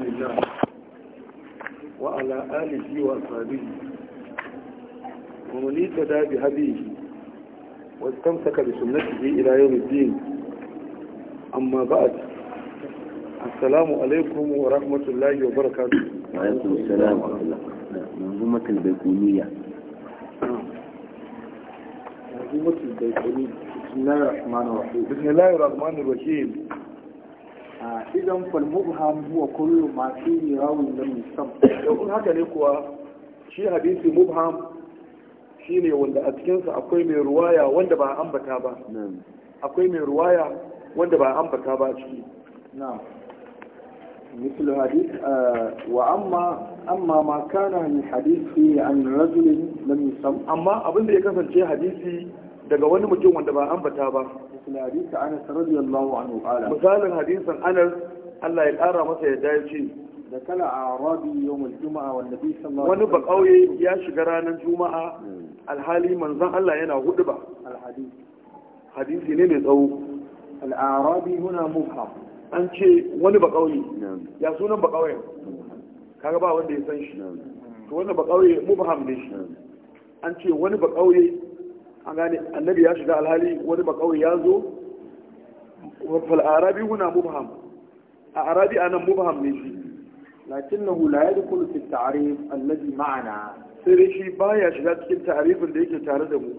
رسول الله وعلى آله وصحبه ومن اهتدى بهديه واستمسك بسنته إلى يوم الدين أما بعد السلام عليكم ورحمة الله وبركاته وعليكم السلام ورحمة الله منظومة البيكونية منظومة البيكونية بسم الله الرحمن الرحيم بسم الله الرحمن الرحيم idan falmubham huwa kullu ma fihi rawin lam yusam in haka ne kuwa shi hadisi mubham shine wanda a sa akwai mai ruwaya wanda ba ambata ba akwai mai ruwaya wanda ba ambata ba ciki na'am مثل حديث واما اما ما كان من حديث عن رجل لم يسم اما abin da ya kasance hadisi daga wani mutum wanda ba ambata ba tunarinsa anas radiyallahu anhu qala misalin hadisin anas Allah ya ƙara masa ya dai ce da wani ba ya shiga ranar juma'a alhali manzon Allah yana hudu ba hadisi ne mai tsawo an ce wani ba ya sunan ba kauye kaga ba wanda ya san shi to wani ba kauye mufham ne an ce wani ba an gane annabi ya shiga alhali wani bakawai ya zo wafal arabi huna mubham a arabi anan mubham ne shi Lakin na la yadkhulu fi at-ta'rif annabi ma'ana sai dai shi baya shiga cikin ta'rifin da yake tare da mu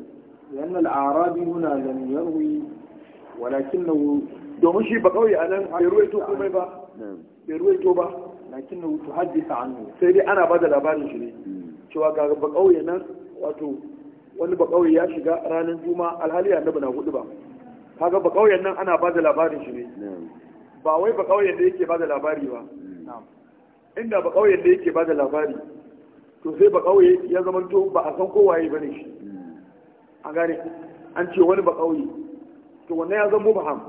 لأن الأعرابي هنا لم يروي ولكنه domin shi ba kawai anan bai ruwaito komai ba bai ruwaito ba lakin tu haddisa sai dai ana bada labarin shi ne hmm. cewa ga ba kauye nan wato wani bakauye ya shiga ranar juma alhali annabi na hudu ba kaga bakauyen nan ana bada labarin shi ne ba wai bakauyen da yake bada labari ba inda bakauyen da yake bada labari to sai bakauye ya zama to ba a san kowaye bane shi hmm. an gane an ce wani bakauye to wannan ya zama mubham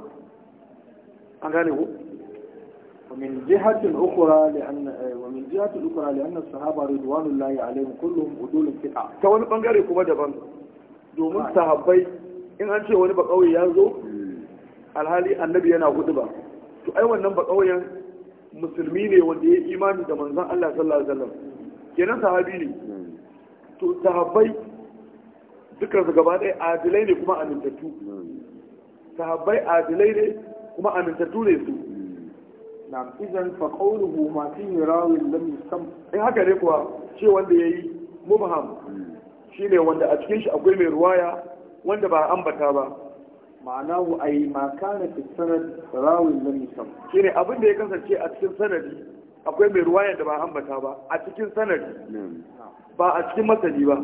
an gane ku. ومن جهة أخرى لأن ومن جهة أخرى لأن الصحابة رضوان الله عليهم كلهم أدول الثقة. كون بنجري كم alhali annabi yana hudu ba to ai wannan ba kauyen musulmi ne wanda ya imani da manzon Allah sallallahu alaihi wasallam kenan sahabi to sahabbai dukkan su gaba ɗaya adilai ne kuma amintattu sahabbai adilai ne kuma amintattu ne su na idan fa qawluhu masu fihi rawin lam yusam in haka ne kuwa ce wanda ya yi mubham shine wanda a cikin shi akwai mai ruwaya wanda ba ambata ba a yi maka na fi sanad rawin lam yusam shine abin da ya kasance a cikin sanadi akwai mai ruwaya da ba ambata ba a cikin sanadi ba a cikin masani ba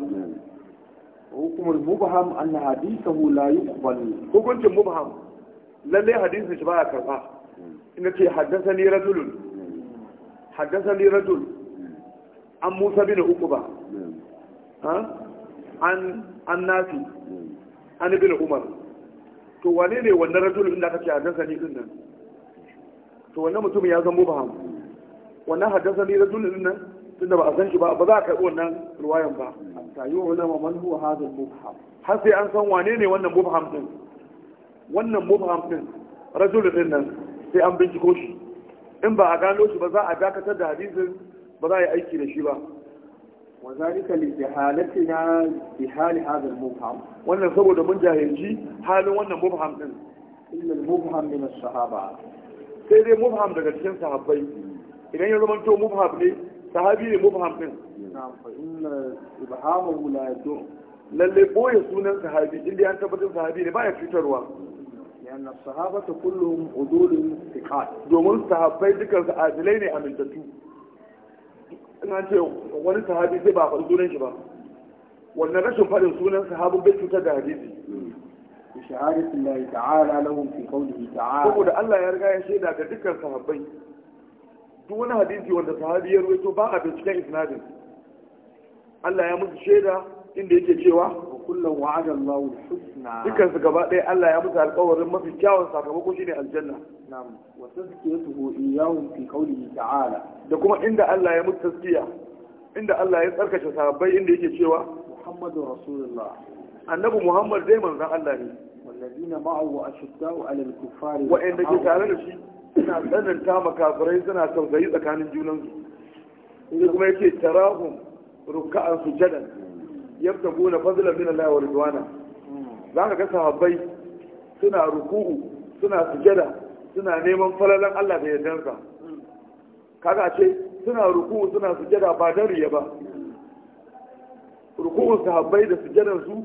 hukumar mubham an hula la yuqbal hukuncin mubham lalle hadisa shi ba ya karɓa. ina ce haddasa ni rajulun haddasa ni rajul an musa bin uku ba an nafi an bin umar to wane ne wannan rajulun inda aka ce haddasa ni din nan to wannan mutum ya zama ba wannan haddasa ni rajulun din nan tunda ba a san shi ba ba za a karɓi wannan ruwayan ba ta yi ulama man huwa hadal mubham har sai an san wane ne wannan mubham din wannan mubham din rajulun din nan sai an binciko shi in ba a gano shi ba za a dakatar da hadisin ba za a yi aiki da shi ba wa zalika li jahalatina bi hali hadha al wannan saboda mun jahilci halin wannan mubham din illa al-mubham min as sai dai mubham daga cikin sahabai. idan ya zamanto mubham ne sahabi ne mubham din na'am fa inna ibhamahu la boye sunan sahabi an tabbatar sahabi ne baya fitarwa. لأن الصحابة كلهم عدول ثقات دومون صحابي ذكر عادلين أمنتتو ina ce wani sahabi zai ba a sunan shi ba wannan rashin faɗin sunan sahabin bai cutar da hadisi bi shahadatin lahi ta'ala lahum fi qawlihi ta'ala saboda Allah ya riga ya shaida ga dukkan sahabbai duk wani hadisi wanda sahabi ya ba a binciken isnadin Allah ya musu shaida inda yake cewa wa kullum wa'ada dukkan su gaba ɗaya Allah ya musu alƙawarin mafi kyawun sakamako shine aljanna na'am wa tazkiyatuhu iyyahum fi qawlihi ta'ala da kuma inda Allah ya musu tazkiya inda Allah ya tsarkake sahabbai inda yake cewa Muhammadu Rasulullah annabi Muhammad dai manzon Allah ne wallazina ma'ahu ashiddau 'alal kuffari wa inda ke tare da shi suna tsananta makafirai suna tausayi tsakanin junansu sai kuma yake tarahum ruka'an sujadan yabtaguna fadlan min Allah wa ridwana za ka ga sahabbai suna ruku'u suna sujada suna neman falalan Allah da yardansa kaga ce suna ruku'u suna sujada ba dan riya ba ruku'un sahabbai da sujadan su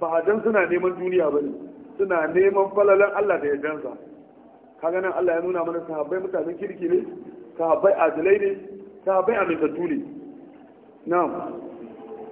ba dan suna neman duniya ba ne suna neman falalan Allah da yardansa kaga nan Allah ya nuna mana sahabbai mutanen kirki ne sahabbai adalai ne sahabbai amintattu ne na'am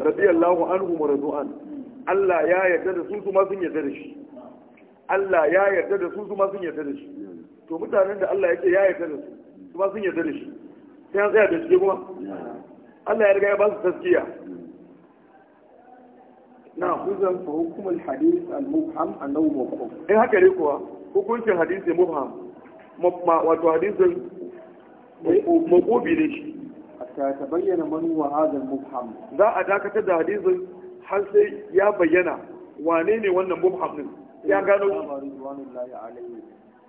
radiyallahu anhu wa radu'an Allah ya yarda da su ma sun yarda da shi Allah ya yarda da su ma sun yarda da shi to mutanen da Allah yake ya yarda da su ma sun yarda da shi sai an tsaya da shi kuma Allah ya riga ya ba su taskiya na huzan fa al hadith al-mubham annahu mawquf in eh, haka ne kuwa hukuncin hadisi mubham wato hadisin makobi ne shi hatta bayyana manu za a dakatar da hadisin har sai ya bayyana wane ne wannan mubham din ya gano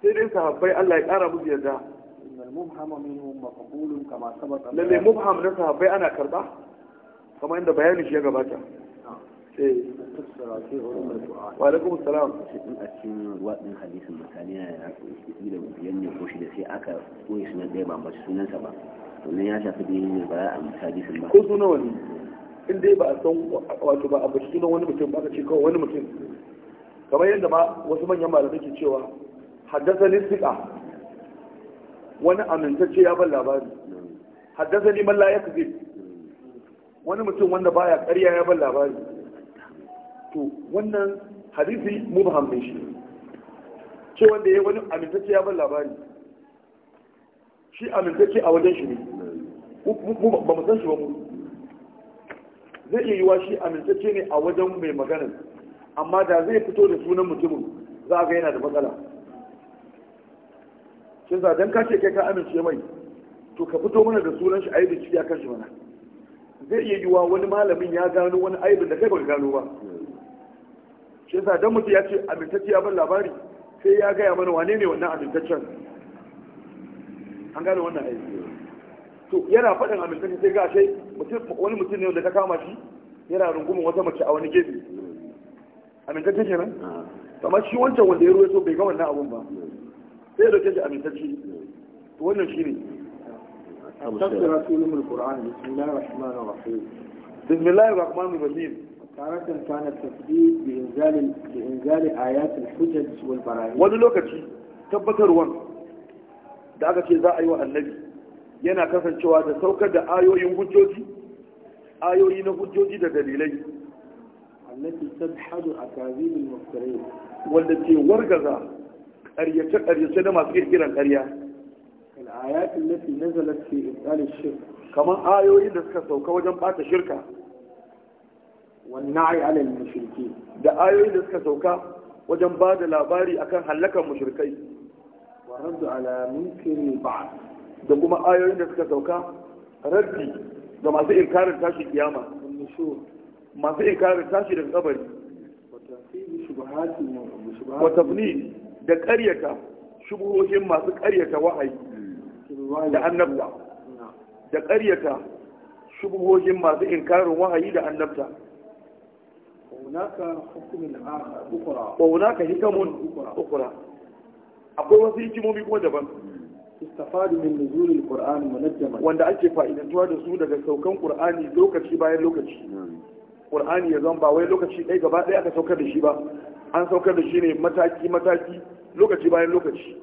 sai dai sahabbai Allah ya kara musu yarda innal mubhama minhum maqbulun kama sabata lalle na sahabbai ana karba kamar inda bayani shi ya gabata eh. walaikun salam a cikin waɗin hadisin misali na yanzu da yanne ko shi da sai aka koyi sunan ɗaya ba mace sunansa ba wannan ya shafi da yin ba a sun ba ko suna wani in dai ba a san wato ba a bashi sunan wani mutum ba ka ce kawai wani mutum kamar yadda ma wasu manyan malamai ke cewa haddasa ni siƙa wani amintacce ya ban labari haddasa ni man la ya wani mutum wanda baya ƙarya ya ban labari to wannan hadisi mu ba shi ce wanda ya wani amintacce ya ban labari shi amintacce a wajen shi ne ba mu san shi ba mu zai iya yiwa shi amintacce ne a wajen mai maganar amma da zai fito da sunan mutumin za a ga yana da matsala shi za don kace kai ka amince mai to ka fito mana da sunan shi a yi bincike a kan shi mana zai iya yiwa wani malamin ya gano wani aibin da kai baka gano ba shi za dan mutum ya ce amintacce ya bar labari sai ya gaya mana wane ne wannan amintaccen an gane wannan aiki to yana faɗin amintaka sai ga mutum wani mutum ne wanda ka kama shi yana rungumin wata mace a wani gefe amintacce kenan ah. amma shi wancan wanda ya so bai ga wannan abun ba sai ya dauke shi amintacce to wannan shi ne tafsira sulumul qur'an bismillahir rahmanir rahim bismillahir rahmanir rahim تارة كان التثبيت بإنزال بإنزال آيات الحجج والبراهين. ولو لوكتي تبتر وان da aka ce za a yi wa annabi yana kasancewa da saukar da ayoyin hujjoji ayoyi na hujjoji da dalilai annabi tadhadu akazibul al-muftarin wanda ke wargaza ƙaryace ƙaryace na masu kirkiran ƙarya kal ayatin lati nazalat fi ibtal ash-shirk kaman ayoyin da suka sauka wajen bata shirka wannan ala al-mushriki da ayoyin da suka sauka wajen ba da labari akan hallakan mushrikai raddu ala munkiri ba'd da kuma ayoyin da suka sauka raddi ga masu inkarin tashi kiyama masu inkarin tashi daga kabari wa tafni da karyata shubuhohin masu karyata wahayi da annabta da karyata shubuhohin masu inkarin wahayi da annabta wa hunaka hikamun ukura akwai wasu hikimomi kuma daban istafadu min nuzul alquran munajjaman wanda ake fa'idantuwa da su daga saukan qur'ani lokaci bayan lokaci qur'ani ya zama ba wai lokaci ɗaya gaba ɗaya aka saukar da shi ba an saukar da shi ne mataki mataki lokaci bayan lokaci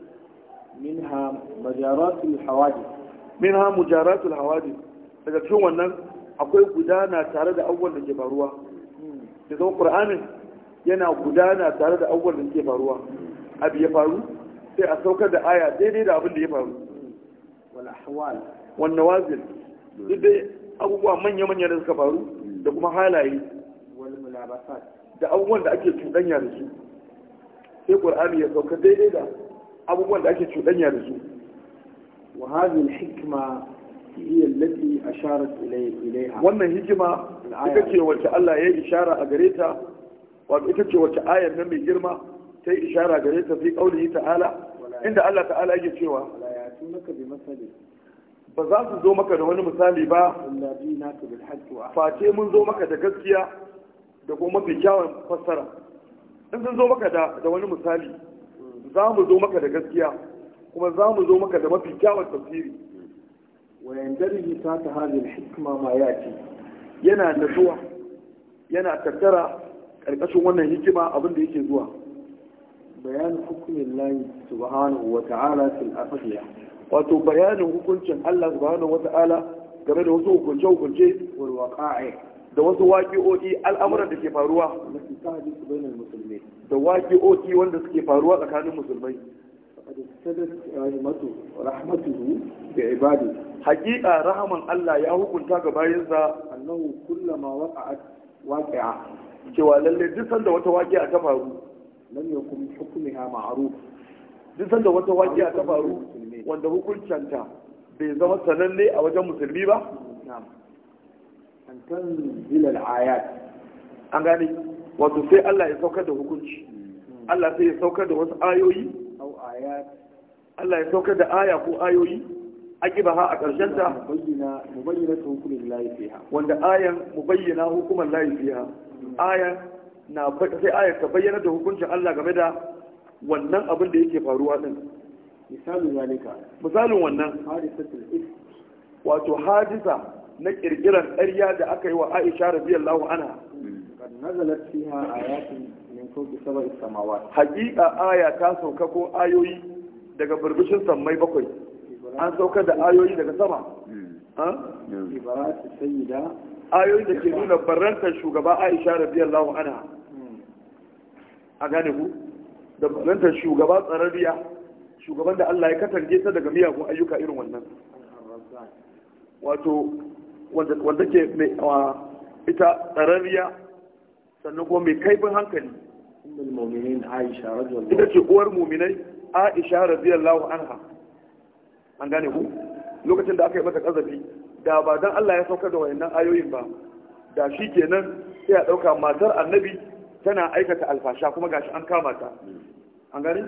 minha majaratul hawadith minha mujaratul hawadith daga cikin wannan akwai gudana tare da abubuwan da ke faruwa da hmm. zama qur'anin yana gudana tare da abubuwan da ke faruwa abu ya faru sai a saukar da aya daidai da abin da ya faru wanda wazir? duk dai abubuwa manya manya da suka faru da kuma halaye da abubuwan da ake cuɗanya da su sai ƙur'ani ya sauka daidai da abubuwan da ake cuɗanya da su wa ita ce wacce Allah ya yi وانا a gare ta wato ita ce wacce ayar na mai girma. ta yi ishara gare ta fi yi ta'ala inda Allah ta'ala yake cewa ba za su zo maka da wani misali ba face mun zo maka da gaskiya da kuma mafi kyawun fassara in sun zo maka da wani misali za mu zo maka da gaskiya kuma za mu zo maka da mafi kyawun tafsiri ويندرج تحت hikima ma ya ce yana zuwa yana tattara ƙarƙashin wannan hikima abin da yake zuwa bayanin hukumin layi subhanahu wa ta'ala fil afiya wato bayanin hukuncin Allah subhanahu wa ta'ala game da wasu hukunce hukunce wal waqa'i da wasu waqi'o'i al'amuran da ke faruwa da waqi'o'i wanda suke faruwa tsakanin musulmai faqad sadat rahmatu rahmatuhu bi ibadi haqiqa rahman Allah ya hukunta ga bayinsa annahu kullama waqa'at waqi'a cewa lalle duk sanda wata waqi'a ta faru lam yakun hukmuha ma'ruf duk sanda wata wajiya ta faru wanda hukuncanta bai zama sananne a wajen musulmi ba an tanzila al-ayat an gane wato sai Allah ya saukar da hukunci hmm. Allah sai ya saukar da wasu ayoyi au ayat Allah ya saukar da aya ko ayoyi aqibaha a ƙarshen ta mubayyana mubayyana hukumin lahi fiha wanda ayan mubayyana hukuman lahi fiha hmm. ayan na sai ayar ta bayyana da hukuncin Allah game da wannan abin da yake faruwa din misalin zalika misalin wannan wato hadisa na kirkiran ƙarya da aka yi wa Aisha radiyallahu anha kad nazalat fiha ayatun min fawqi sab'i samawat haqiqa aya ta sauka ko ayoyi daga burbushin sammai bakwai an sauka da ayoyi daga sama hmm. ha ibarat sayyida ayoyin da ke nuna barantar shugaba aisha lawon ana. a gane ku da barantar shugaba tsararriya shugaban da Allah ya katange ta daga miyagun ayyuka irin wannan wato wanda ke ita tsararriya sannan kuma mai kaifin hankali ita ce uwar muminai aisha lawon ana. an gane ku lokacin da aka yi mata kazafi da ba dan Allah ya saukar da wayannan ayoyin ba da shi kenan sai a ɗauka matar annabi tana aikata alfasha kuma gashi an kama ta an gani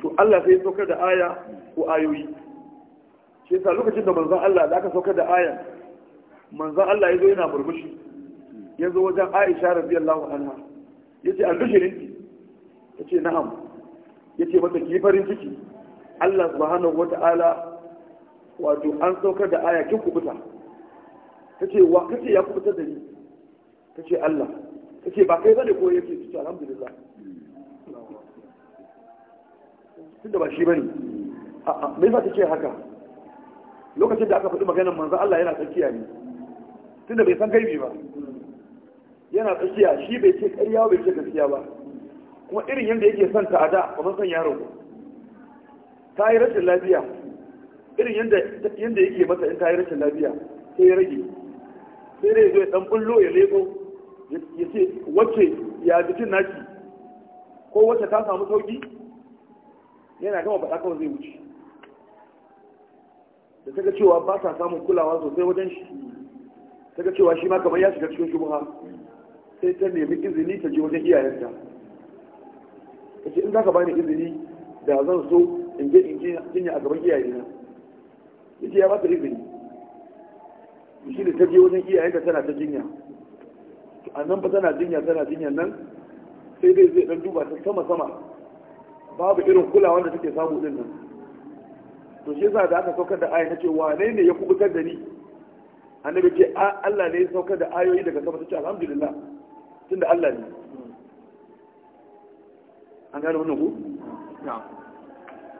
to Allah sai ya saukar da aya ko ayoyi shi yasa lokacin da manzon Allah da aka saukar da aya, manzon Allah ya zo yana murmushi ya zo wajen Aisha radiyallahu anha yace albishirinki tace na'am yace mata ki farin ciki Allah subhanahu wata'ala wato an saukar da aya kin kubuta kace wa kace ya kubutar da ni kace Allah kace ba kai bane ko yake kace alhamdulillah tunda ba shi bane a'a me yasa ce haka lokacin da aka faɗi maganar manzo Allah yana tsakiya ne tunda bai san gaibi ba yana tsakiya shi bai ce ƙarya bai ce gaskiya ba kuma irin yadda yake son ta ada da kamar son yaro ta yi rashin lafiya irin yadda yake masa in ta yi rashin lafiya sai ya rage sai dai zai dan bullo ya lebo ya ce wacce ya jikin naki ko wacce ta samu sauki yana gama faɗa kawai zai wuce da ta ga cewa ba ta samun kulawa sosai wajen shi ta ga cewa shi ma kamar ya shiga cikin shubuha sai ta nemi izini ta je wajen iyayenta ta ce in za ka bani izini da zan so in je in jinya a gaban iyayena ya ce ya ba ta izini shi da ta je wajen iyayenta tana ta jinya a nan ba tana jinya tana jinya nan sai dai zai dan duba ta sama sama babu irin kulawa da take samu din nan to shi yasa da aka saukar da aya nace wane ne ya kubutar da ni annabi ce Allah ne ya saukar da ayoyi daga sama tace alhamdulillah tunda Allah ne an gane wannan ku na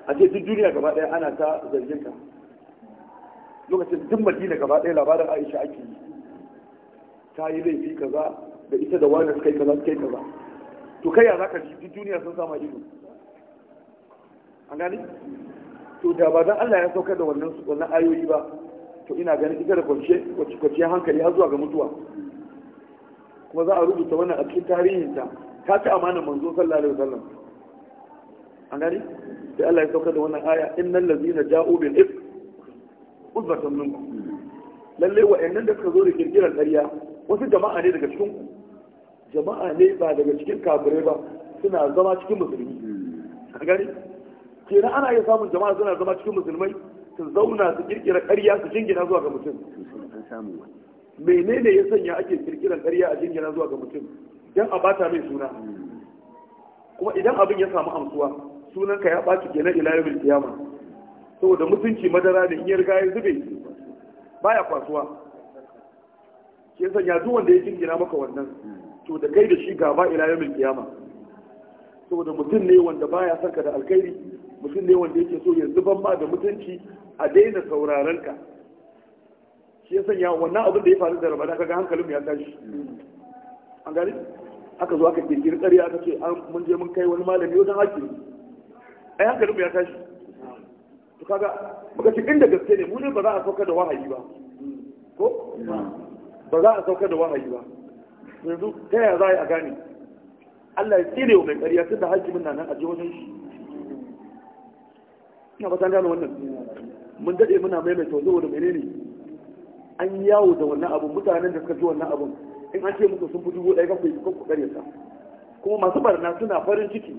a ce duk duniya gaba daya ana ta zargin ka lokacin duk madina gaba ɗaya labarin aisha ake yi ta yi laifi kaza da ita da wani suka yi kaza suka yi kaza to kai ya zaka ji duniya sun sama ido an gani to da ba dan Allah ya saukar da wannan wannan ayoyi ba to ina ganin ita da kwanciye kwace hankali har zuwa ga mutuwa kuma za a rubuta wannan a cikin tarihinta ta ci amanar manzo sallallahu alaihi wasallam an gani sai Allah ya saukar da wannan aya innal ladina ja'u bil ifk uzbatan nan lalle wa'annan da suka zo da kirkirar ƙarya wasu jama'a ne daga cikin ku jama'a ne ba daga cikin kafirai ba suna zama cikin musulmi a gani kenan ana iya samun jama'a suna zama cikin musulmai su zauna su kirkira ƙarya su jingina zuwa ga mutum menene ya sanya ake kirkiran ƙarya a jingina zuwa ga mutum dan a bata mai suna kuma idan abin ya samu amsuwa sunanka ya ɓaci kenan ila yau kiyama saboda mutunci madara da in ya riga ya zube baya kwasuwa ke sanya duk wanda ya jingina maka wannan to da kai da shi gaba ila yamin kiyama saboda mutum ne wanda baya ya sarka da alkhairi mutum ne wanda yake so ya zuban ma da mutunci a daina sauraron ka shi ya sanya wannan abin da ya faru da rabada kaga hankalin ya tashi an gani aka zo aka kirkiri ƙarya aka ce mun je mun kai wani malami wajen A ai hankalin ya tashi to kaga muka ce inda gaske ne mu ne ba za a sauka da wahayi ba ko ba za a sauka da wahayi ba yanzu ta yaya za a yi a gane Allah ya tsire wa mai ƙarya tun da min nan a jihohin wajen shi ina ba ta gane wannan mun daɗe muna maimaita wanzu da menene an yawo da wannan abu mutanen da suka ji wannan abun in an ce muku sun fi dubu ɗaya kan ku ƙaryata kuma masu barna suna farin ciki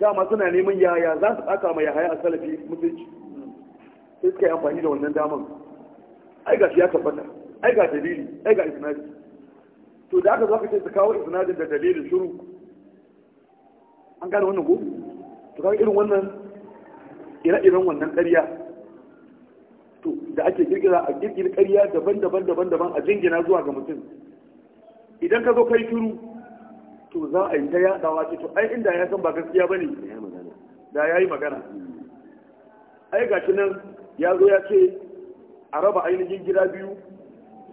dama suna neman yaya za su aka mai yahaya a salafi musulunci sai suka yi amfani da wannan daman ai ga shi ya tabbata ai ga dalili ai ga isnadi to da aka ka ce su kawo isnadin da dalilin shuru an gane wannan ko to kaga irin wannan ire-iren wannan ƙarya to da ake kirkira a kirkiri ƙarya daban-daban daban-daban a jingina zuwa ga mutum idan ka zo kai shuru to za a yi ta yadawa ce to ai inda ya san ba gaskiya ba ne da ya yi magana ai ga nan ya zo ya ce a raba ainihin gida biyu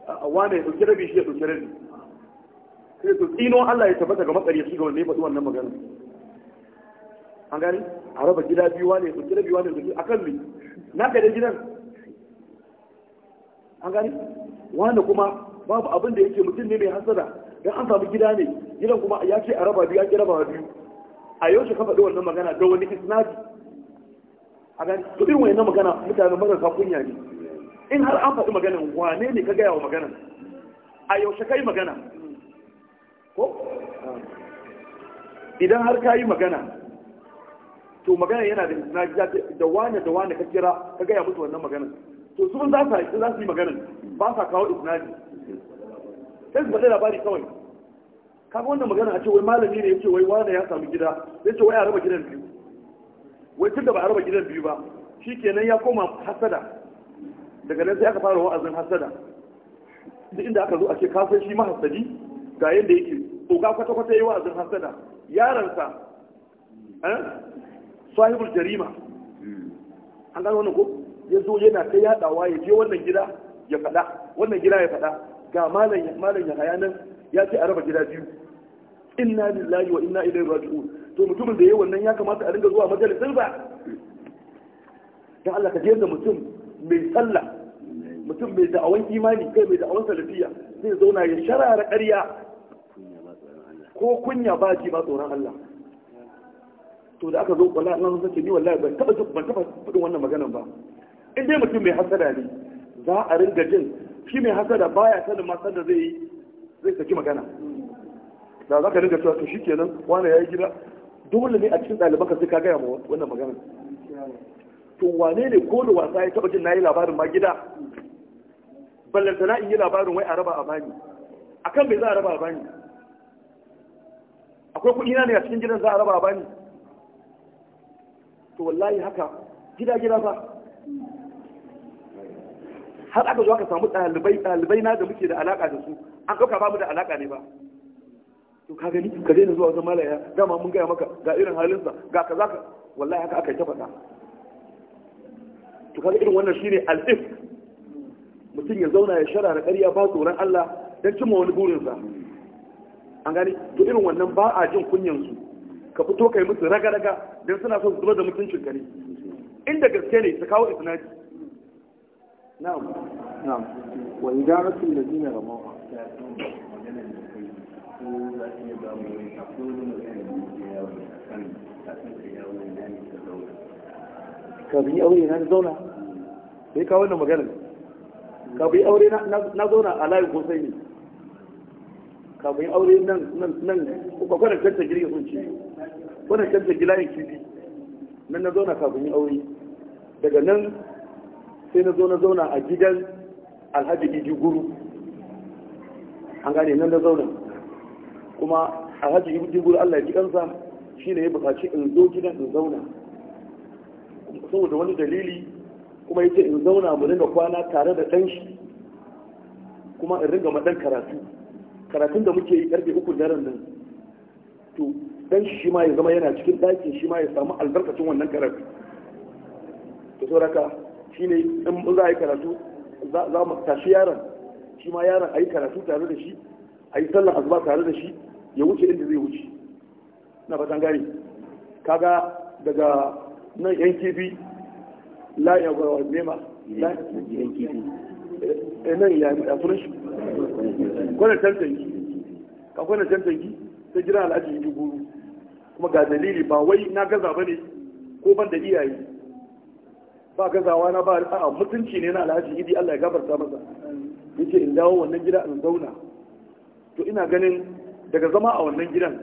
a wane ya ɗauki rabi shi ya ɗauki rabi sai to tsino Allah ya tabbata ga makaryaci ga wanda ya faɗi wannan magana an gani a raba gida biyu wane ya ɗauki rabi wane ya ɗauki akan me na kai dai gidan an gani wanda kuma babu abin da yake mutum ne mai hasada dan an samu gida ne gidan kuma ya ce a raba biyu ya ki raba biyu a yau shi ka faɗi wannan magana ga wani isnadi a gani to irin wannan magana mutane marasa kunya ne in har an faɗi maganan wane ne ka gaya wa maganan a yaushe ka yi magana ko idan har ka yi magana to magana yana da isnadi da wane da wane ka kira ka gaya musu wannan maganan to su za su yi maganan ba sa kawo isnadi sai su faɗi labari kawai kaga wannan magana a ce wai malami ne yace wai wani ya samu gida yace wai a raba gidan biyu wai tun da ba a raba gidan biyu ba shikenan ya koma hasada daga nan sai aka fara wa'azin hasada duk inda aka zo a ce kafin shi mahasadi ga yadda yake ga kwata-kwata yi wa'azin hasada yaransa eh, sahibul jarima an gano wannan ko ya zo yana ta yadawa ya je wannan gida ya faɗa wannan gida ya faɗa ga malam ya hayanan ya ce a raba gida biyu inna lillahi wa inna ilaihi raji'un to mutumin da yayi wannan ya kamata a ringa zuwa majalisin ba dan Allah ka je da mutum mai sallah mutum mai da'awan imani kai mai da'awan salafiya zai zauna ya sharara ƙarya ko kunya ba ji ba tsoron Allah to da aka zo wallahi Allah sun ce ni wallahi ban taba ban taba fadin wannan maganar ba in dai mutum mai hasada ne za a ringa jin shi mai hasada baya sanin ma sanda zai zai saki magana da za ka dinga cewa to shikenan wani ya yi gida dole ne a cikin ɗaliban ka sai ka gaya ma wannan magana to wane ne ko da wasa ya taɓa jin na yi labarin ma gida na in yi labarin wai a raba a bani akan bai za a raba a bani akwai kuɗi na ne a cikin gidan za a raba a bani to wallahi haka gida gida ba har aka zo aka samu ɗalibai ɗalibai na da muke da alaƙa da su an ɗauka ba mu da alaƙa ne ba to ka gani ka daina zuwa wajen malaya dama mun gaya maka ga irin halinsa ga kaza ka wallahi haka aka yi ta faɗa to kaga irin wannan shine al'if mutum ya zauna ya shara da ƙarya ba tsoron Allah don cimma wani burinsa an gani to irin wannan ba a jin su ka fito kai musu raga-raga don suna son zubar da mutuncin ka ne inda gaske ne su kawo isnadi na'am na'am wa idaratul ladina ramawa magana kafin ka yawo yi aure na zauna sai ka wannan magana kafin yi aure na zauna a layin kosai ne kafin yi aure nan nan nan ko kwanan kanta girgin sun ce kwanan kanta yin kifi nan na zauna kafin yi aure daga nan sai na zo na zauna a gidan alhaji idi guru an gane nan na zauna kuma a hajji yi jibur Allah ya ji kansa ne ya bukaci in zo gidan in zauna saboda wani dalili kuma ce in zauna mu ringa kwana tare da ɗan shi kuma in ringa maɗan karatu karatun da muke yi ƙarfe uku daren nan to ɗan shi ma ya zama yana cikin ɗakin shi ma ya samu albarkacin wannan karatu to sauraka ne in za a yi karatu za mu tashi yaron shi ma yaron a yi karatu tare da shi a yi sallar azuba tare da shi ya wuce inda zai wuce na fatan gari kaga daga nan yan kifi la ya gwa nema la kifi eh, nan ya da furin shi gwanin tantanki ka gwanin tantanki sai jira al'ajin yi guru kuma ga dalili ba wai na gaza ba ne ko ban da iyaye ba gazawa na ba a mutunci ne na al'ajin idi Allah ya gafarta masa yace in dawo wannan gida in zauna to ina ganin daga zama a wannan gidan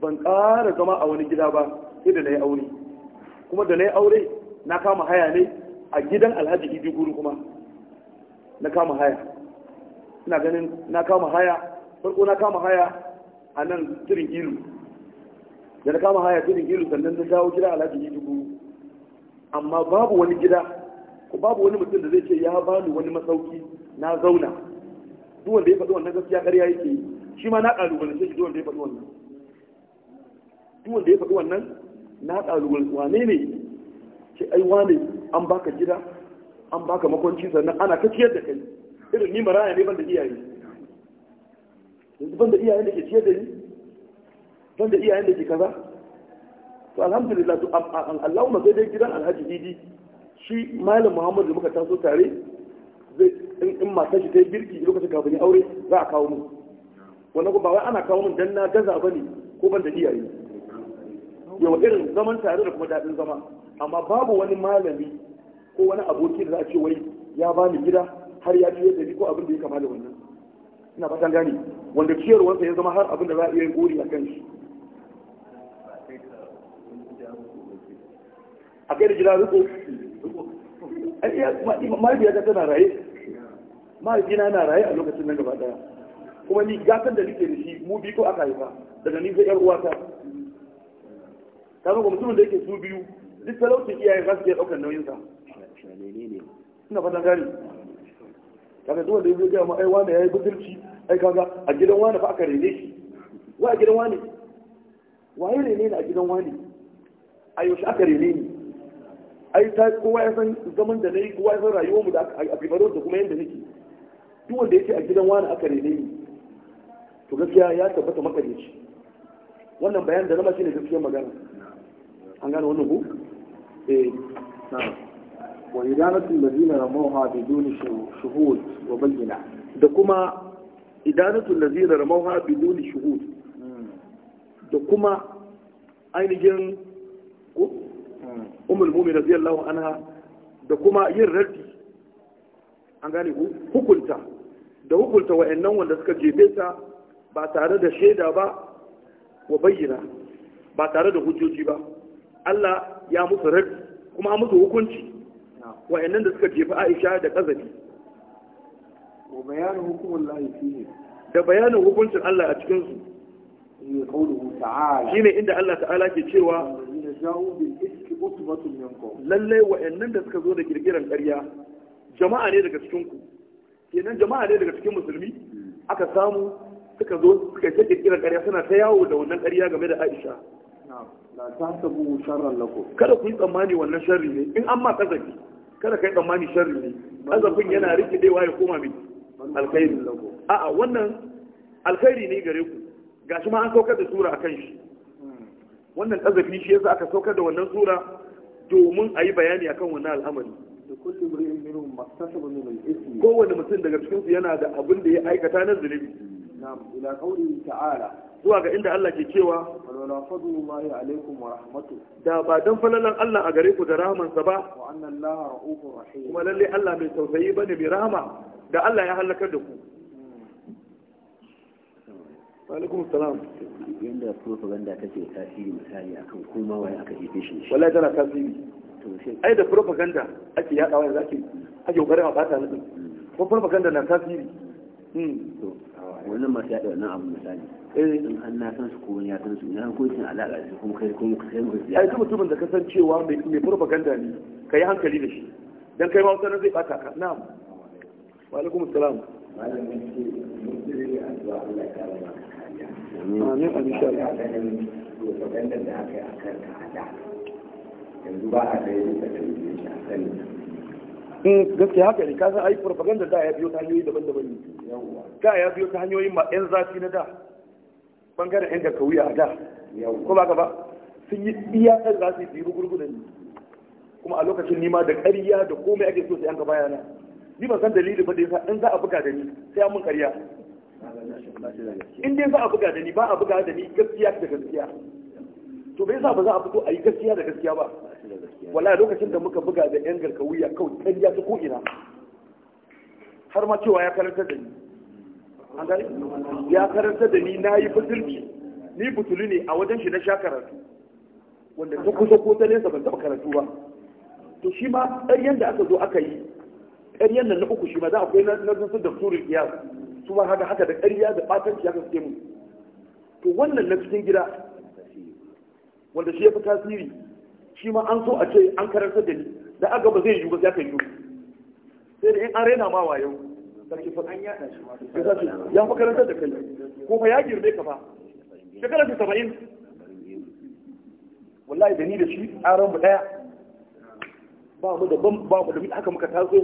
ban ƙara zama a wani gida ba sai da na yi aure kuma da na yi aure na kama haya ne a gidan alhaji ibi guru kuma na kama haya ina ganin na kama haya farko na kama haya a nan tirin gilu da na kama haya tirin gilu sannan ta dawo gida alhaji ibi guru amma babu wani gida ko babu wani mutum da zai ce ya bani wani masauki na zauna duk wanda ya faɗi wannan gaskiya ƙarya yake yi shi ma na kalubalance shi wanda ya faɗi wannan duk wanda ya faɗi wannan na kalubalance wane ne ce ai wane an baka gida an baka makwanci sannan ana ta ciyar da kai irin ni maraya ne ban da iyaye yanzu ban da iyayen da ke ciyar da ni ban da iyayen da ke kaza to alhamdulillah to Allahumma sai dai gidan Alhaji Didi shi Malam Muhammad da muka taso tare zai in matashi ta yi birki, lokacin kafin aure za a kawo mu wannan ba wai ana kawo min dan na gaza bane ko ban da iyaye yau irin zaman tare da kuma daɗin zama amma babu wani malami ko wani aboki da za a ce wai ya ba ni gida har ya ciyar da ko abin da ya kamata wannan ina fatan gane wanda ciyarwarsa ya zama har abin da za a iya gori a kan shi a kai da gida riko mahaifiyata tana raye mahaifina na raye a lokacin nan gaba daya kuma ni gatan da nake da shi mu bi ko aka haifa daga ni sai yar uwata kaga ko mutumin da yake su biyu duk talaucin iyayen za su iya ɗaukar nauyin sa ina fatan gani kaga duk wanda ya ga gaya ma ai wani ya yi butulci ai kaga a gidan wani fa aka rene shi wa a gidan wani waye rene ne a gidan wani a yaushe aka rene ni ai ta kowa ya san zaman da na yi kowa ya san rayuwar mu da a bibaron da kuma yadda nake duk wanda yake a gidan wani aka rene ni to gaskiya ya tabbata makarici wannan bayan da zama shine gaskiyar magana an gane wannan ku eh wa idanatul ladina ramuha bidun shuhud wa bayyina da kuma idanatul ladina ramuha bidun shuhud da kuma ainihin ko hmm. umul mu'min radiyallahu anha da kuma yin raddi an gane ku hukunta da hukunta wa'annan wanda suka jefe ta ba tare da shaida ba wa bayyana ba tare da hujjoji ba Allah ya musu rabi kuma musu hukunci wa'annan da suka jefi Aisha da kazafi wa bayanin hukumin fihi da bayanin hukuncin Allah a cikin su shine inda Allah ta'ala ke cewa lallai wa'annan da suka zo da girgiran ƙarya jama'a ne daga cikin ku kenan jama'a ne daga cikin musulmi hmm. aka samu suka zo suka ta kirkira ƙarya suna ta yawo da wannan ƙarya game da Aisha la tahsabu sharran lako. kada ku yi tsammani wannan sharri ne in an ma kazafi kada kai tsammani sharri ne kazafin yana rikidewa ya koma mai alkhairi a'a wannan alkhairi ne gare ku gashi ma an saukar da sura akan shi hmm. wannan kazafi shi yasa aka saukar da wannan sura domin a yi bayani akan wannan al'amari kowane mutum daga cikinsu yana da abin da ya aikata na zunubi na'am ila qawli ta'ala zuwa ga inda Allah ke cewa wala ya alaikum wa rahmatu da ba dan falalan Allah a gare ku da rahmansa ba wa anna Allah ra'ufur rahim kuma lalle Allah mai tausayi bane mai rahama da Allah ya halakar da ku Wa alaikum salam yanda propaganda take tasiri misali akan koma wani aka jefe shi wallahi tana tasiri ai da propaganda ake yadawa yanzu ake ake kokarin a bata nufin ko propaganda na tasiri wannan masu yaɗa wannan abu misali kai eh, in an na san su ko wani ya san su ina cin alaka su kuma kai kuma kai mu ai duk mutumin da ka san cewa mai propaganda ne ka yi hankali da shi dan kai ma wannan zai bata ka na'am wa alaikum assalam malamin ce mun a zuwa Allah ya kare ma amin amin insha Allah da aka yi a kan yanzu ba a kai da kai ne a kan in gaskiya haka ne kasan ai propaganda da ya biyo ta hanyoyi daban-daban ne da ya biyo ta hanyoyin ma yan zafi na da bangaren yan gakawiya a da ko ba ba sun yi iyakar zafi su yi gurgunan ne kuma a lokacin nima da ƙarya da komai ake so sai an gaba yana ni ban san dalili ba da yasa in za a buga da ni sai an mun ƙarya in dai za a buga da ni ba a buga da ni gaskiya da gaskiya to bai yasa ba za a fito a yi gaskiya da gaskiya ba Wala lokacin da muka buga da yan garkawuya kawai ƙarya ta ko'ina. har ma cewa ya karanta da ni an ya karanta da ni na yi butulci ni butulu ne a wajen shi na sha karatu wanda ta kusa ko ta nesa ban taɓa karatu ba to shi ma ƙaryan da aka zo aka yi ƙaryan nan na uku shi ma za a kai na su da surin iya su ma haka haka da ƙarya da ɓatanci ya suke mu to wannan na cikin gida wanda shi ya fi tasiri shi ma an so a ce an karantar da ni da aka ba zai yi ba zai ka yi sai da in an raina ma wayo ya fa karantar da kai ko fa ya girbe ka fa shekara ta saba'in wallahi da ni da shi tsaron mu daya ba mu da ban ba mu da haka muka taso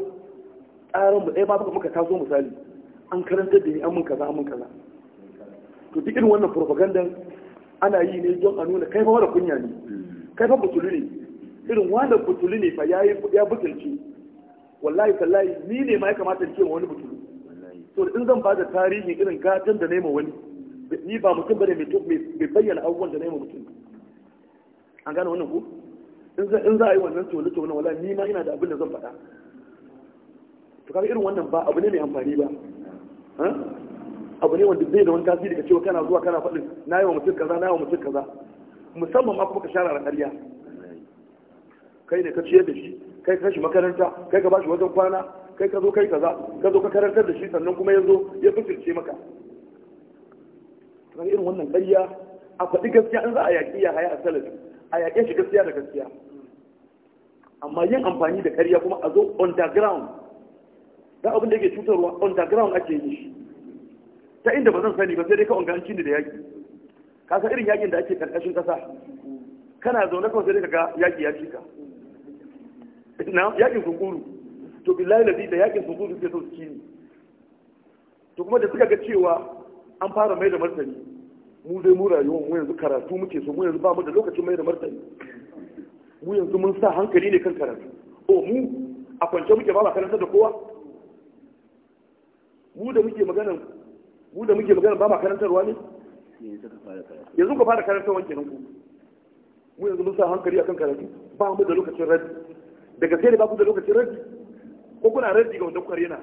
tsaron mu daya ba muka taso misali an karantar da ni an mun kaza an mun kaza to duk irin wannan propaganda ana yi ne don a nuna kai ma mara kunya ne kai fa ne irin wanda butuli ne fa yayi ya butulci wallahi sallahi ni ne ma ya kamata in ce wa wani butuli to in zan ba da tarihi irin gatan da nema wani ni ba mutum bane mai mai bayyana abubuwan da nema mutum an gane wannan ku? in za a yi wannan tole wannan wallahi ni ma ina da abin da zan faɗa to kaga irin wannan ba abu ne mai amfani ba abu ne wanda zai da wani tasiri ka cewa kana zuwa kana faɗin na yi wa mutum kaza na yi wa mutum kaza musamman ma kuma ka share ran ƙarya kai ne ka ciyar da shi kai ka shi makaranta kai ka bashi wajen kwana kai ka zo kai kaza ka zo ka karantar da shi sannan kuma ya zo ya fitirce maka kuma irin wannan ƙarya a faɗi gaskiya in za a yaƙi ya haya a salafi a yaƙe shi gaskiya da gaskiya amma yin amfani da ƙarya kuma a zo underground da abin da yake cutarwa underground ake yi shi ta inda ba zan sani ba sai dai ka ungancin da yaƙi ka san irin yakin da ake karkashin kasa kana zaune kawai sai kaga yaki ya cika na yakin sunkuru to billahi ladi da yakin sunkuru sai so ciki to kuma da suka ga cewa an fara mai da martani mu dai mu rayuwar mu yanzu karatu muke so mu yanzu ba mu da lokacin mai da martani mu yanzu mun sa hankali ne kan karatu o mu a kwance muke ba karanta da kowa mu da muke magana mu da muke magana ba ma karantarwa ne yanzu ka fara karanta wanke nan ku mu yanzu mun sa hankali akan karatu ba mu da lokacin raddi daga sai da ba ku da lokacin raddi ko kuna raddi ga wanda kuka rena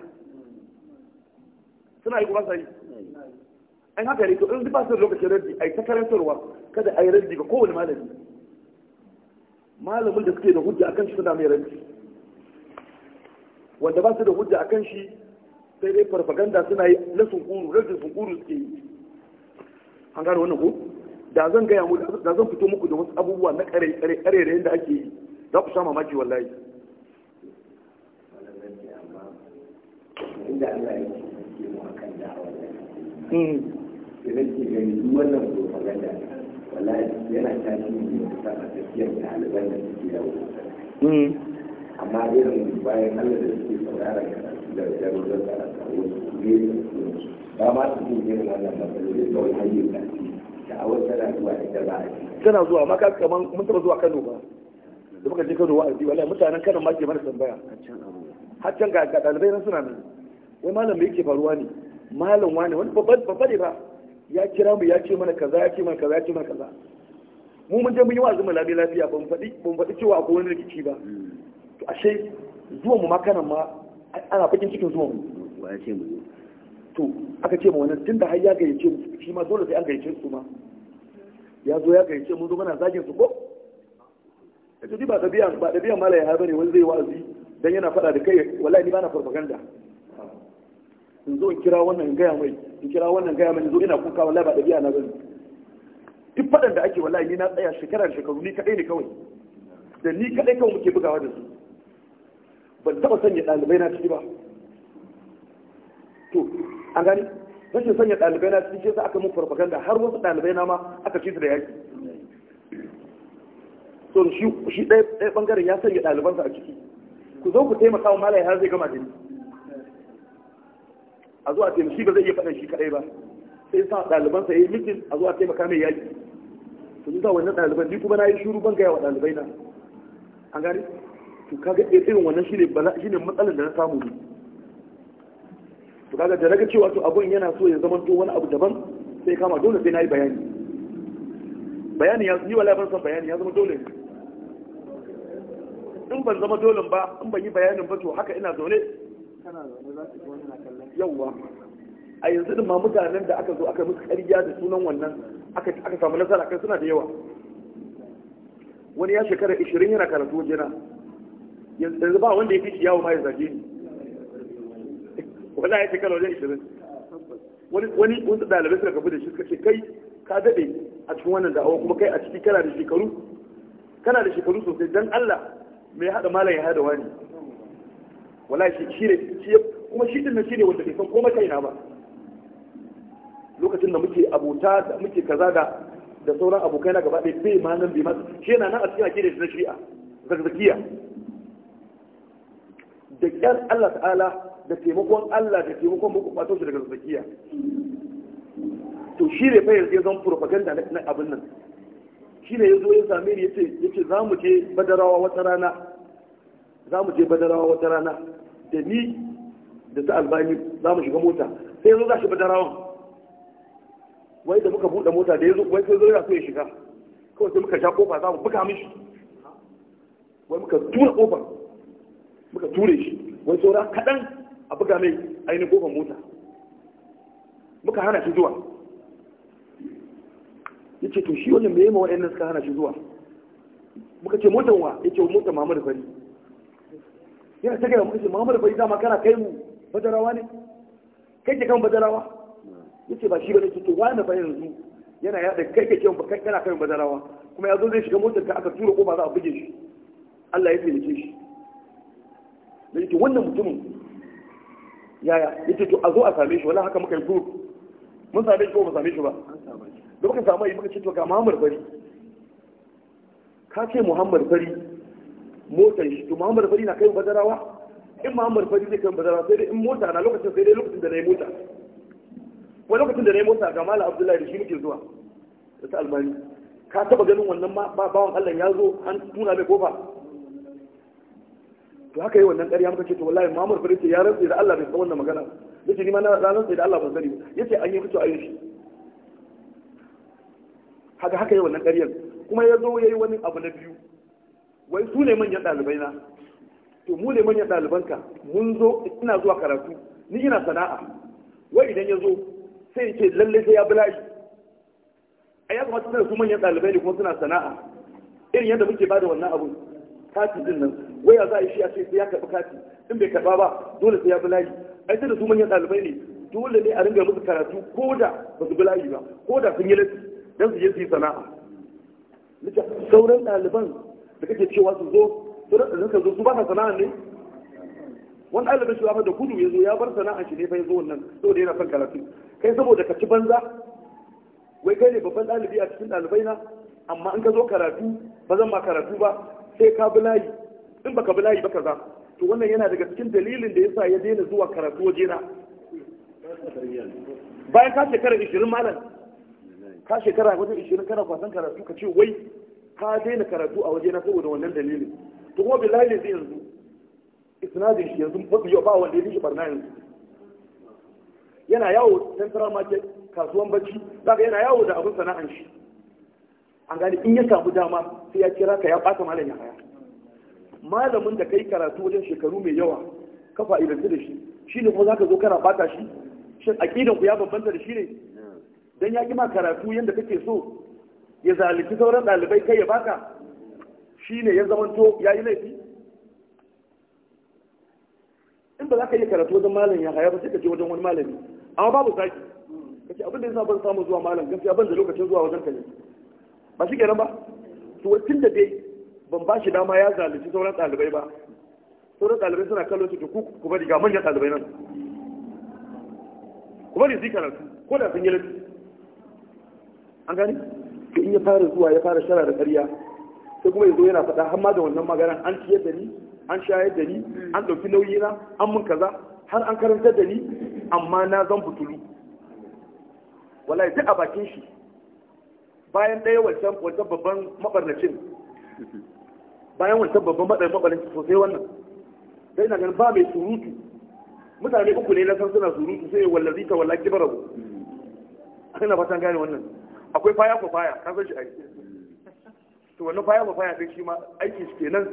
suna yi kuma sai an haka ne to in ba su da lokacin raddi ai ta karantarwa kada ai raddi ga kowane malami malamin da suke da hujja akan shi suna mai raddi wanda ba su da hujja akan shi sai dai farfaganda suna yi na sunkuru rajin sunkuru suke yi an gane wannan ko da zan gaya mu da zan fito muku da wasu abubuwa na kare kare kare da ake yi za ku sha mamaki wallahi Allah ya ce mu idan hmm. wannan wallahi yana tafiyar da ɗaliban da hmm. amma irin bayan Allah da suke sauraron karatu da jarurar karatu wasu ne da su ba ma su jin irin wannan matsaloli kawai hanyar da sha'awar tana zuwa ita ba a ci tana zuwa maka kaman mun taba zuwa kano ba da muka je kano wa'azi wallahi mutanen kano ma ke mana tambaya har can ga dalibai nan suna nan wai malam me yake faruwa ne malam wani wani babban babba ne ba ya kira mu ya ce mana kaza ya ce mana kaza ya ce mana kaza mu mun je mun yi wa'azi mu labe lafiya ban faɗi ban faɗi cewa akwai wani rikici ba hmm. to ashe zuwan mu ma kanan ma ana bakin cikin zuwan mu wa ya ce mu to aka ce ma wani tun da har ya gayyace mu shi ma dole sai an gayyace su ma ya zo ya gayyace mu zo mana zagin su ko ya ce ba tabiya ba tabiya mala ya bane wani zai wa'azi dan yana faɗa da kai wallahi ni ba na farfaganda in zo in kira wannan in gaya mai in kira wannan gaya mai in zo ina kuka wallahi ba tabiya na bane duk fadan da ake wallahi ni na tsaya shekara shekaru ni kadai ne kawai da ni kadai kawai muke bugawa da su ban taɓa sanya ɗalibai na ciki ba to an gani rashin sanya ɗalibai na cikin shi aka mun farfaganda har wasu ɗalibai na ma aka ci su da yaki so shi shi ɗaya ɓangaren ya sanya dalibansa a ciki ku zo ku taimaka wa malaye har zai gama da ni a zuwa taimaki ba zai iya faɗin shi kaɗai ba sai sa dalibansa ya yi mitin a zuwa taimaka mai yaki to ni sa wannan ɗaliban ni kuma na yi shuru ban gaya wa ɗalibai na an gani to kaga irin wannan shine matsalar da na samu ne to kaga da naga cewa to abun yana so ya zama to wani abu daban sai kama dole sai nayi bayani bayani ya yi wallahi ban san bayani ya zama dole in ban zama dole ba in ban yi bayanin ba to haka ina zaune kana zaune za ka wani na kallon yawa a yanzu din ma mutanen da aka zo aka musu ƙarya da sunan wannan aka aka samu nasara kai suna da yawa wani ya shekara 20 yana karatu wajena yanzu ba wanda ya fi yawo ma ya zage ni wala ya shekara wajen ishirin wani wasu dalibai suka kafa da shi suka ce kai ka daɗe a cikin wannan da'awa kuma kai a ciki kana da shekaru kana da shekaru sosai dan Allah mai haɗa malam ya haɗa wani wala shi shi ne kuma shi din shi ne wanda bai san komai kaina ba lokacin da muke abota da muke kaza da da sauran abokaina gaba ɗaya bai ma nan bai ma shi yana nan a cikin akidar na shi'a zakzakiya da ƙyar Allah ta'ala da taimakon Allah da taimakon muku kwato shi daga zakiya to shi ne fa yanzu zan propaganda na abin nan shi ne ya zo ya same ni yace yace za mu je badarawa wata rana za mu je badarawa wata rana da ni da ta albani za mu shiga mota sai ya za shi badarawa wai da muka buɗe mota da yanzu wai sai zo ya so ya shiga kawai sai muka ja kofa za mu buga mishi wai muka tura kofar muka ture shi wai saura kaɗan a buga mai ainihin kofar mota muka hana shi zuwa ya ce to shi wani mai yamma waɗannan suka hana shi zuwa muka ce motan wa ya ce motan mamar fari yana ta gaba muka ce mamar fari dama kana kai mu badarawa ne kai ke kan badarawa ya ce ba shi ba ne to wani fa yanzu yana yaɗa kai ke kan kana kai badarawa kuma ya zo zai shiga motar ka aka tura ko ba za a buge shi Allah ya taimake shi da yake wannan mutumin yaya ita to a zo a same shi wala haka muka yi group mun same shi ko ba same shi ba da muka samu yi muka ce to ga Muhammad Bari ka ce Muhammad Bari motar shi to Muhammad Bari na kai badarawa in Muhammad Bari zai kai badarawa sai dai in mota na lokacin sai dai lokacin da na yi mota ko lokacin da na yi mota ga Malam Abdullahi da shi muke zuwa da ta almani ka taba ganin wannan ba bawan Allah ya zo an tuna mai kofa to haka yi wannan ƙarya muka ce to wallahi Muhammad fa yace ya rantsa da Allah bai san wannan magana yace ni ma na rantsa da Allah ban sani ba yace an yi fito a yashi. haka haka yi wannan ƙaryar kuma ya zo ya yi wani abu na biyu wai su ne manyan ɗalibai na to mu ne manyan ɗalibanka mun zo ina zuwa karatu ni ina sana'a wai idan ya zo sai ce lalle sai ya bula'i a ya kamata suna su manyan ɗalibai ne kuma suna sana'a irin yadda muke bada wannan abu kati din nan waya za a yi shi a ce sai ya karɓi kati in bai karɓa ba dole sai ya bi layi ai sai da su manyan ɗalibai ne dole ne a ringa musu karatu ko da ba su bi layi ba ko da sun yi lati don su je su yi sana'a sauran ɗaliban da kake cewa su zo sauran ka zo su ba ka sana'a ne wani ɗalibin shi da gudu ya zo ya bar sana'a shi ne fa ya zo wannan saboda yana son karatu kai saboda ka ci banza wai kai ne babban ɗalibi a cikin ɗalibai na amma in ka zo karatu ba zan ma karatu ba sai ka bi layi in baka bi layi ba kaza to wannan yana daga cikin dalilin da yasa ya daina zuwa karatu wajena bayan ka shekara 20 malam ka shekara wajen 20 kana kwasan karatu ka ce wai ka daina karatu a wajena saboda wannan dalilin to kuma bilahi zai yanzu isnadin shi yanzu ba ba wanda ya shi barna yanzu yana yawo central market kasuwan bacci zaka yana yawo da abin sana'an shi an gani in ya samu dama sai ya kira ka ya bata malam ya haya malamin da kai karatu wajen shekaru mai yawa ka fa'idantu da shi shi ne kuma za ka zo kana bata shi shin aqidan ku ya bambanta da shi ne dan ya ƙi ma karatu yadda kake so ya zalunci sauran ɗalibai kai ya baka shi ne ya zamanto ya yi laifi in ba za ka yi karatu wajen malam ya haya ba sai ka je wajen wani malami amma babu saki kace abin da yasa ban samu zuwa malam gaskiya ban da lokacin zuwa wajen ka ne ba shi kenan ba to tun da dai ban ba shi dama ya zalunci sauran ɗalibai ba sauran ɗalibai suna kallon su ku ku bari ga manyan ɗalibai nan ku bari su yi karatu ko da sun yi lafi an gani to in ya fara zuwa ya fara shara da ƙarya sai kuma ya zo yana faɗa har ma da wannan magana an ciyar da ni an shayar da ni hmm. an ɗauki nauyi na an mun kaza har an karantar da ni amma na zan butulu wallahi duk a bakin shi bayan ɗaya wancan wancan babban mabarnacin bayan wancan babban matsayin mabalanci sosai wannan sai na ganin ba mai surutu mutane uku ne na san suna surutu sai wallazi ta wallahi kibarahu na fatan gane wannan akwai faya ko faya ka san shi ai to wannan faya ko faya sai shi ma aiki shi kenan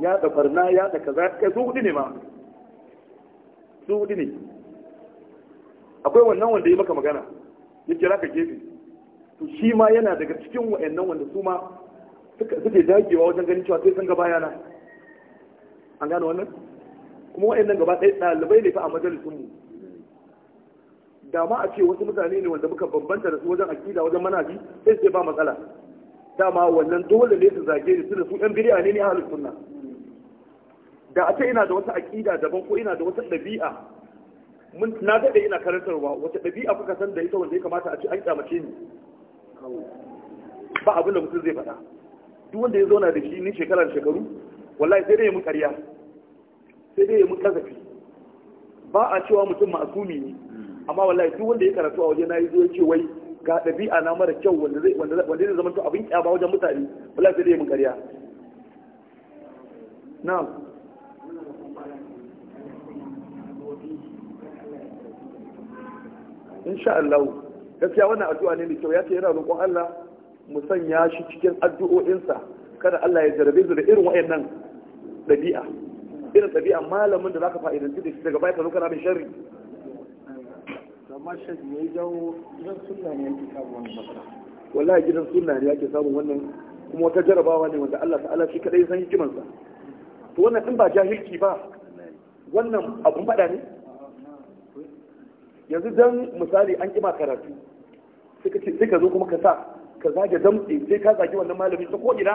ya da farna ya da kaza kai su hudu ne ma su hudu ne akwai wannan wanda ya maka magana ya kira ka gefe to shi ma yana daga cikin wa'annan wanda su ma suke dagewa wajen ganin cewa sai sun ga bayana an gano wannan kuma wa'annan gaba ɗaya ɗalibai ne fa a majalisunmu da ma a ce wasu mutane ne wanda muka bambanta da su wajen akida wajen manaji, sai sai ba matsala dama wannan dole ne su zage ni su da su ɗan biriya ne ne a halin sunna da a ce ina da wata akida daban ko ina da wata ɗabi'a mun na daɗe ina karantarwa wata ɗabi'a kuka san da ita wanda ya kamata a ce an kyamace ni ba abin da mutum zai faɗa duk wanda ya zauna da shi ni shekara da shekaru wallahi sai dai ya mun ƙarya sai dai ya mun kazafi ba a cewa mutum ma'asumi ne amma wallahi duk wanda ya karatu a waje na yi zuwa cewai ga ɗabi'a na mara kyau wanda zai zama to abin kyama wajen mutane wallahi sai dai ya mun ƙarya na'am insha Allah gaskiya wannan addu'a ne mai kyau ya ce yana roƙon Allah mu sanya shi cikin addu'o'insa kada Allah ya jarabe su da irin nan ɗabi'a. irin ɗabi'a malamin da zaka fa'idanci da shi daga baya ka zo kana da sharri gidan ne wannan wallahi gidan sunna ne yake samun wannan kuma wata jarabawa ne wanda Allah ta'ala shi kadai san hikimansa to wannan in ba jahilci ba wannan abun bada ne yanzu dan misali an kima karatu suka zo kuma ka sa ka zage damtse sai ka zage wannan malami ta ko ina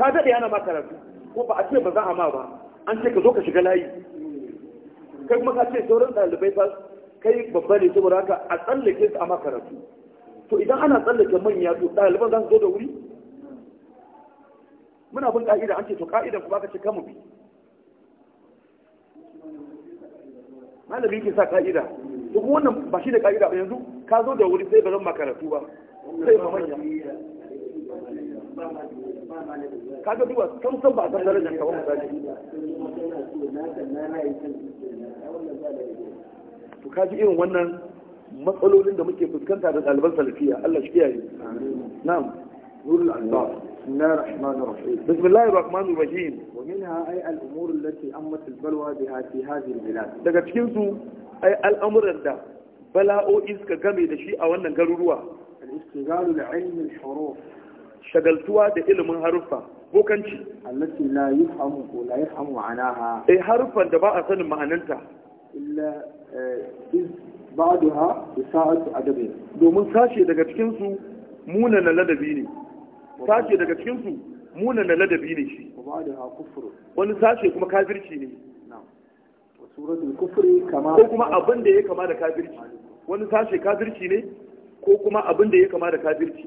ka daɗe ana makarantu? ko ba a ce ba za a ma ba an ce ka zo ka shiga layi kai kuma ka ce sauran ɗalibai ba kai babba ne saboda haka a tsallake su a makarantu. to idan ana tsallake manya to ɗaliban za su zo da wuri muna bin ka'ida an ce to ka'ida kuma ka ce kamu bi malami ke sa ka'ida duk wannan ba shi da ka'ida ba yanzu ka zo da wuri sai ba zan makaratu ba sai ba manya ka ga duba san san ba san darajar ka ba misali to ka ji irin wannan matsalolin da muke fuskanta da ɗaliban salafiya Allah shi kiyaye na'am nurul albab بسم الله الرحمن الرحيم بسم الله الرحمن الرحيم ومنها أي الأمور التي أمت البلوى بها في هذه البلاد. دقت كنسو ai al'amuran da bala'o'i suka game da shi a wannan garuruwa al da al-ilm shagaltuwa da ilimin haruffa bokanci allati la yafhamu ko la yafhamu ma'anaha eh haruffan da ba a sanin ma'ananta illa eh, iz ba'daha isa'atu adabi domin sashe daga cikin su munana ladabi ne sashe daga cikin su munana ladabi ne shi wani sashe kuma kafirci ne ko kuma abin da ya kama da kafirci wani sashe kafirci ne ko kuma abin da ya kama da kafirci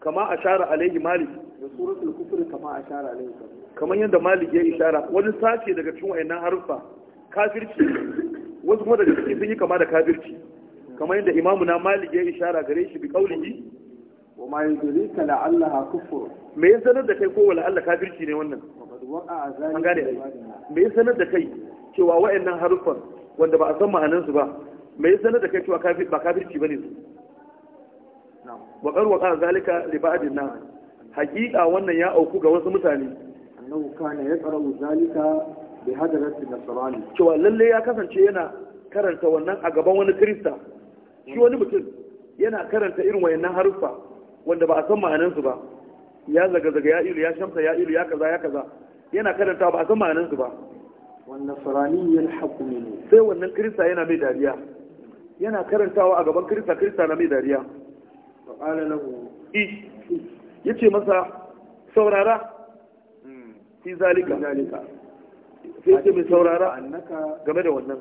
kama shara alaihi malik da suratul kufri kama alaihi kamar yadda malik ya ishara wani sashe daga cikin wayannan harfa kafirci wasu kuma daga cikin sun yi kama da kafirci kamar yadda imamu na malik ya ishara gare shi bi kaulihi wa ma yudrika la'allaha kufur me ya sanar da kai ko wala Allah kafirci ne wannan an gane me ya sanar da kai cewa wa'annan haruffan wanda ba a san ma'anansu ba mai sanar da kai cewa ba kafirci ne su wa waƙar zalika li na. Hakika wannan ya auku ga wasu mutane annahu kana yaqra'u zalika bi hadrati nasrani cewa lalle ya kasance yana karanta wannan a gaban wani krista shi wani mutum yana karanta irin wayannan haruffa wanda ba a san ma'anansu ba ya zaga zaga ya ilu ya shamsa ya ilu ya kaza ya kaza yana karanta ba a san ma'anansu ba wannan farani ya haƙu ne sai wannan kirista yana mai dariya yana karantawa a gaban kirista kirista na mai dariya wa ƙala lahu ish ya ce masa saurara hmm. fi zalika sai ce mai saurara game da wannan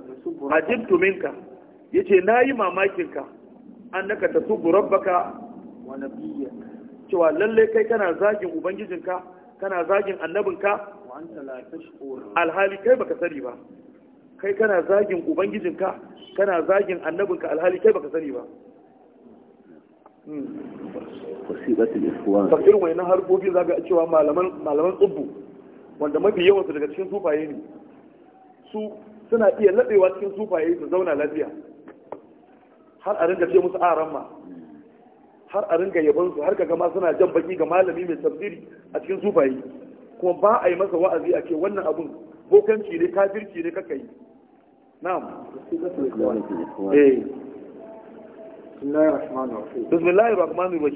ajibtu minka ya ce na yi mamakinka annaka ta tubu rabbaka wa nabiyya cewa lallai kai kana zagin ubangijinka kana zagin annabinka alhali kai baka sani ba kai kana zagin ubangijinka kana zagin annabinka alhali kai baka sani ba tafsirin wani harkokin zaga cewa malaman tsubbu wanda mafi yawansu daga cikin sufaye ne su suna iya laɗewa cikin sufaye su zauna lafiya har a ringa ce musu aran ma har a ringa yabansu har ka gama suna jan baki ga malami mai tafsiri a cikin sufaye kuma ba a yi masa wa'azi a ce wannan abun bokanci ne kafirci ne kaka yi na'am eh بسم الله الرحمن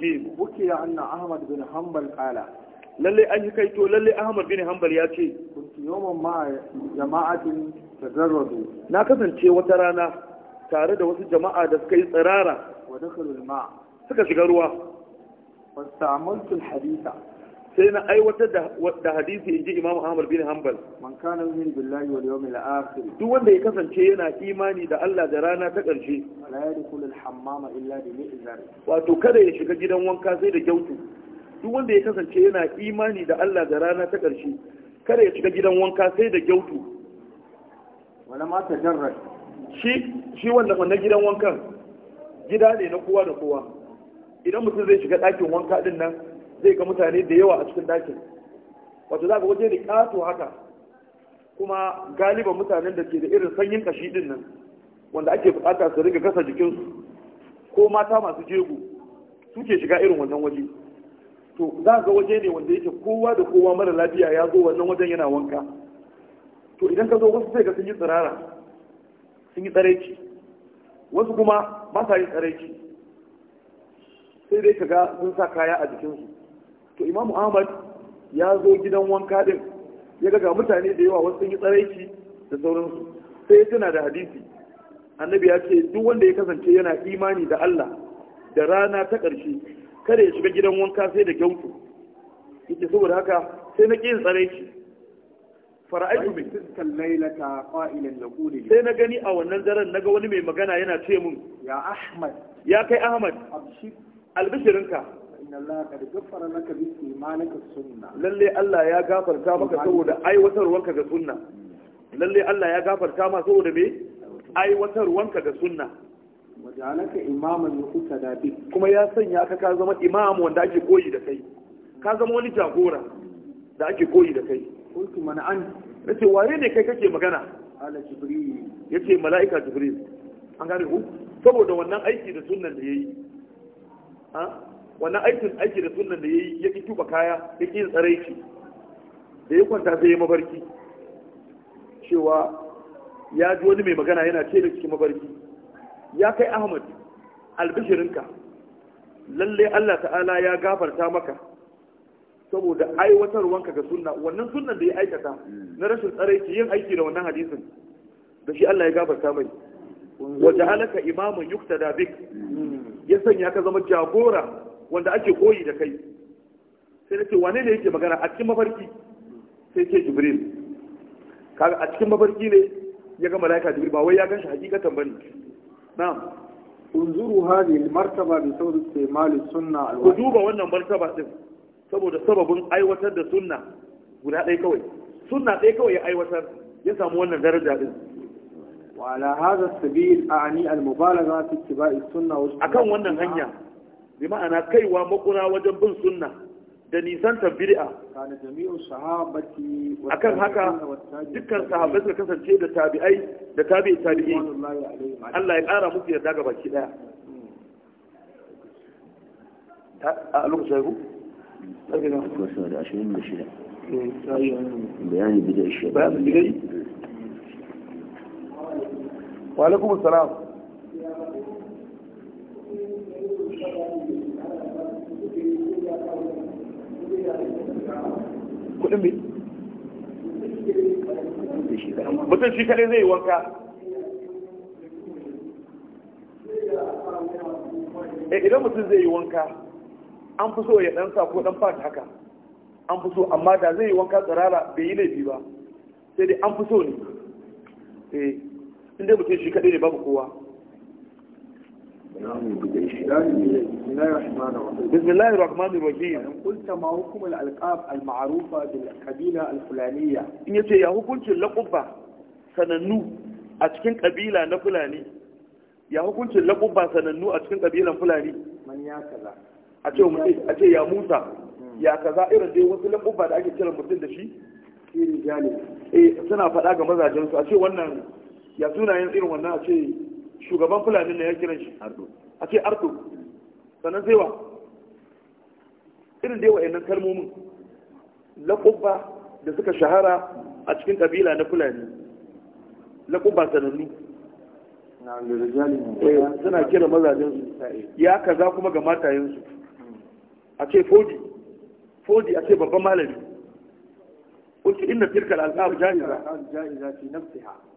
ya anna ahmad bin hanbal وكي lalle an yi kaito lalle ahmad bin hanbal ya ce yawan ma jama'atin tazarradu na kasance wata rana tare da wasu jama'a da suka yi tsirara wa dakhalul ma suka shiga ruwa fastamaltu haditha sai na aiwatar da hadisi in ji Imam Ahmad bin Hanbal man kana yu'min billahi wal yawmil akhir duk wanda ya kasance yana imani da Allah da rana ta ƙarshe la yadkhulu al hammama illa bi mi'zar wato kada ya shiga gidan wanka sai da gyautu duk wanda ya kasance yana imani da Allah da rana ta ƙarshe kada ya shiga gidan wanka sai da gyautu wala ma tajarrad shi shi wanda wannan gidan wankan gida ne na kowa da kowa idan mutum zai shiga ɗakin wanka din nan zai ga mutane da yawa a cikin dakin wato za ka waje ne ƙato haka kuma galiban mutanen da ke da irin sanyin kashi din nan wanda ake bukata su riga gasa jikinsu ko mata masu jego suke shiga irin wannan waje to za ga waje ne wanda yake kowa da kowa mara lafiya ya zo wannan wajen yana wanka to idan ka zo wasu sai ga sun yi tsirara sun yi tsaraici wasu kuma ba sa yin tsaraici sai dai ka ga sun sa kaya a jikinsu to imamu ahmad ya zo gidan wanka din ya ga mutane da yawa wasu sun yi tsaraiki da sauransu sai ya tuna da hadisi annabi ya ce duk wanda ya kasance yana imani da Allah da rana ta ƙarshe kada ya shiga gidan wanka sai da gyautu yake saboda haka sai na ƙin tsaraiki fara'aitu sai na gani a wannan daren ga wani mai magana yana ce mun ya ya kai ahmad albishirinka inna Allah kad gaffara laka bi imanika sunna lalle Allah ya gafarta maka saboda aiwatarwanka ga sunna lalle Allah ya gafarta ma saboda me aiwatarwanka ga sunna wajalaka imaman yuqtada bi kuma ya sanya ka ka zama imam wanda ake koyi da kai ka zama wani jagora da ake koyi da kai kuntu man an nace ware ne kai kake magana ala jibril yace mala'ika jibril an gane ku saboda wannan aiki da sunnan da yayi ha wannan aikin aiki da sunan da ya yayi ya tuba kaya ya ƙi tsarai ce da ya kwanta sai ya mabarki cewa ya ji wani mai magana yana ce da cikin mabarki, ya kai ahmad albishirinka lallai Allah ta'ala ya gafarta maka saboda aiwatarwanka ga sunna wannan sunan da ya aikata na rashin tsaraici yin aiki da wannan hadisin da shi Allah ya gafarta mai wajen halaka imamun yukta da bik ya sanya ka zama jagora wanda ake koyi da kai sai na ce wane ne yake magana a cikin mafarki sai ce jibril kaga a cikin mafarki ne ya ga malaika jibril ba wai ya ganshi hakikatan bane na'am unzuru hadi martaba bi sawr istimal sunna al ku duba wannan martaba din saboda sababin aiwatar da sunna guda ɗaya kawai sunna ɗaya kawai ya aiwatar ya samu wannan daraja din wa ala hadha sabil a'ni al mubalagha fi ittiba'i sunna wa akan wannan hanya bi ma'ana kaiwa makuna wajen bin sunna da nisantar bid'a akan haka dukkan sahabbai suka kasance da tabi'ai da tabi'i tabi'i Allah ya ƙara musu yarda ga baki daya kudin mai mutum shi kadai zai wanka eh, idan mutum zai yi wanka an fi so ya dan sa ko dan fata haka an fi so amma da zai yi wanka tsirara bai yi laifi ba sai dai an fi so ne eh inda mutum shi kadai ne babu kowa بسم الله الرحمن الرحيم قلت ما حكم الألقاب المعروفة بالقبيلة الفلانية إن يتي يا قلت اللقبة سننو أتكن قبيلة نفلاني يا قلت اللقبة سننو أتكن قبيلة فلاني من يا كذا أتي يا موسى يا كذا إرد وصل اللقبة دا أجي كلام مرتين دشي في رجالي إيه سنة فلاقة مزاجنسو أتي وانا يا سونا ينقل وانا أتي shugaban fulani ne ya kiran shi a ce ardo sannan sai wa irin dai wa'annan kalmomin laƙubba da suka shahara a cikin ƙabila na fulani laƙubba sanannu eh, suna kira mazajensu ya kaza kuma ga matayensu a ce fodi fodi a ce babban malami ƙunci inna firkar al'adu jahiza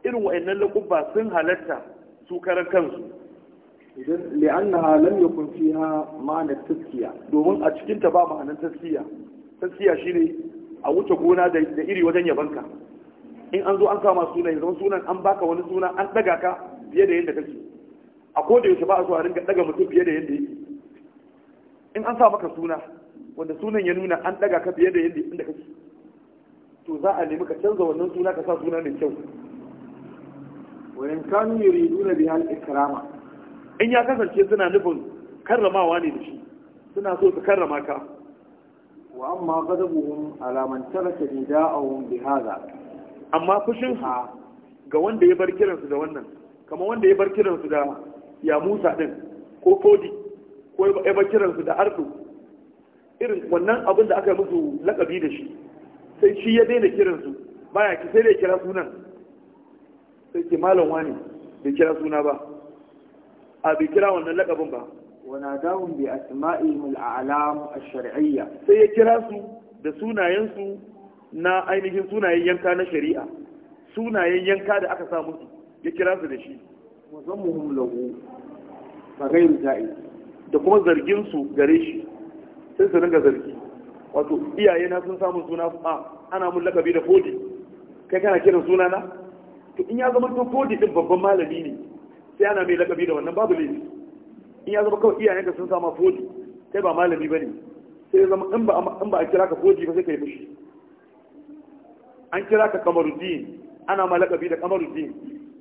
irin wa'annan laƙubba sun halatta su karan kansu idan li'annaha lam yakun fiha ma'anar taskiya domin a cikin ta ba ma'anar taskiya taskiya shine a wuce gona da iri wajen yabanka in an zo an kama sunan zama sunan an baka wani suna an daga ka fiye da yadda kake a ko da yaushe ba a so a ringa daga mutum fiye da yadda yake in an sa maka suna wanda sunan ya nuna an daga ka fiye da yadda inda kake to za a nemi ka canza wannan suna ka sa suna mai kyau wani kanu yuriduna na hal ikrama in ya kasance suna nufin karramawa ne da shi suna so su karrama ka wa amma ghadabuhum ala man a nida'ahum bi hadha amma fushin ga wanda ya bar kiransu da wannan kama wanda ya bar kiransu da ya Musa din ko Kodi ko ya bar kiransu da Ardu irin wannan abin da aka musu lakabi da shi sai shi ya daina kiransu baya ki sai da kira sunan sai ke malon wani bai kira suna ba a bai kira wannan lakabin ba wana dawun bi asma'ihim alam ash-shar'iyya sai ya kira su da sunayensu na ainihin sunayen yanka na shari'a sunayen yanka da aka sa su ya kira su da shi wa zammuhum lahu fa ghayru ja'iz da kuma zargin su gare shi sai su ringa zargi wato iyaye na sun samu suna ba ana mun lakabi da fodi kai kana kiran suna na to in ya zama to kodi din babban malami ne sai ana mai lakabi da wannan babu laifi in ya zama kawai iyayenka sun sama fodi kai ba malami bane sai ya zama in ba a kira ka fodi ba sai ka yi fushi an kira ka kamaruddin ana ma lakabi da kamaruddin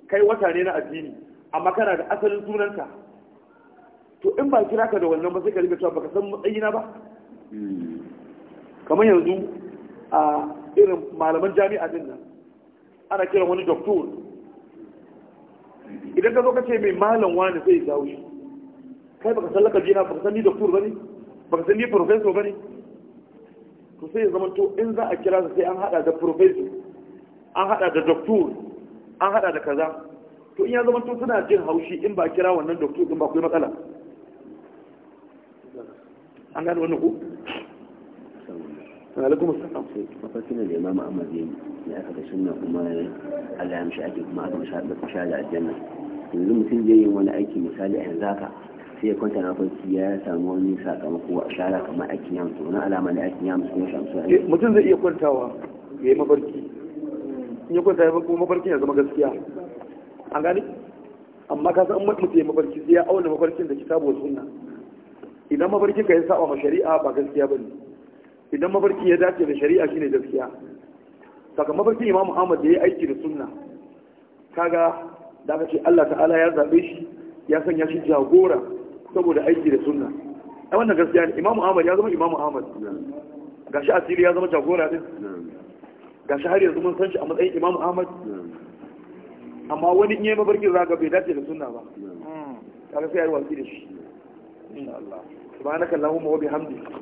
kai wata ne na addini amma kana da asalin sunanka to in ba kira ka da wannan ba sai ka riga cewa baka san matsayina ba hmm. kamar yanzu a irin malaman jami'a din nan ana kiran wani doktor idan ka zo ka ce mai malam wani sai ya shi kai baka sallaka jina baka san ni doktor bane baka san ni professor bane to sai ya zama to in za a kira sai an hada da professor an hada da doktor an hada da kaza to in ya zama to suna jin haushi in ba kira wannan doktor din ba kai matsala an gane wannan ku alaikum assalam mafarkin da imamu ahmad ya ya aka sunna kuma Allah ya mishi ake kuma aka mishi da kusha da aljanna yanzu mutum zai yi wani aiki misali a yanzu haka sai ya kwanta na farki ya samu wani sakamako a shara kamar aikin yamsu wani alama ne aikin yamsu kuma shamsu eh, mutum zai iya kwantawa ya yi mafarki in ya kwanta ya kuma mafarkin ya zama gaskiya an gani amma ka san mutum ya yi mafarki sai ya auna mafarkin da kitabu wa sunna idan mafarkin ka ya saba ma shari'a ba gaskiya ba ne. idan mafarki ya dace da shari'a shine gaskiya saka mafarki imam ahmad da ya aiki da sunna kaga da aka ce allah ta'ala ya zaɓe shi ya sanya shi jagora saboda aiki da sunna a wannan gaskiya ne imam ahmad ya zama imam ahmad gashi asiri ya zama jagora din gashi har yanzu mun san shi a matsayin imam ahmad amma wani in yi za zaga bai dace da sunna ba hmm. kaga sai ya yi watsi da shi insha Allah subhanaka allahumma wa bihamdika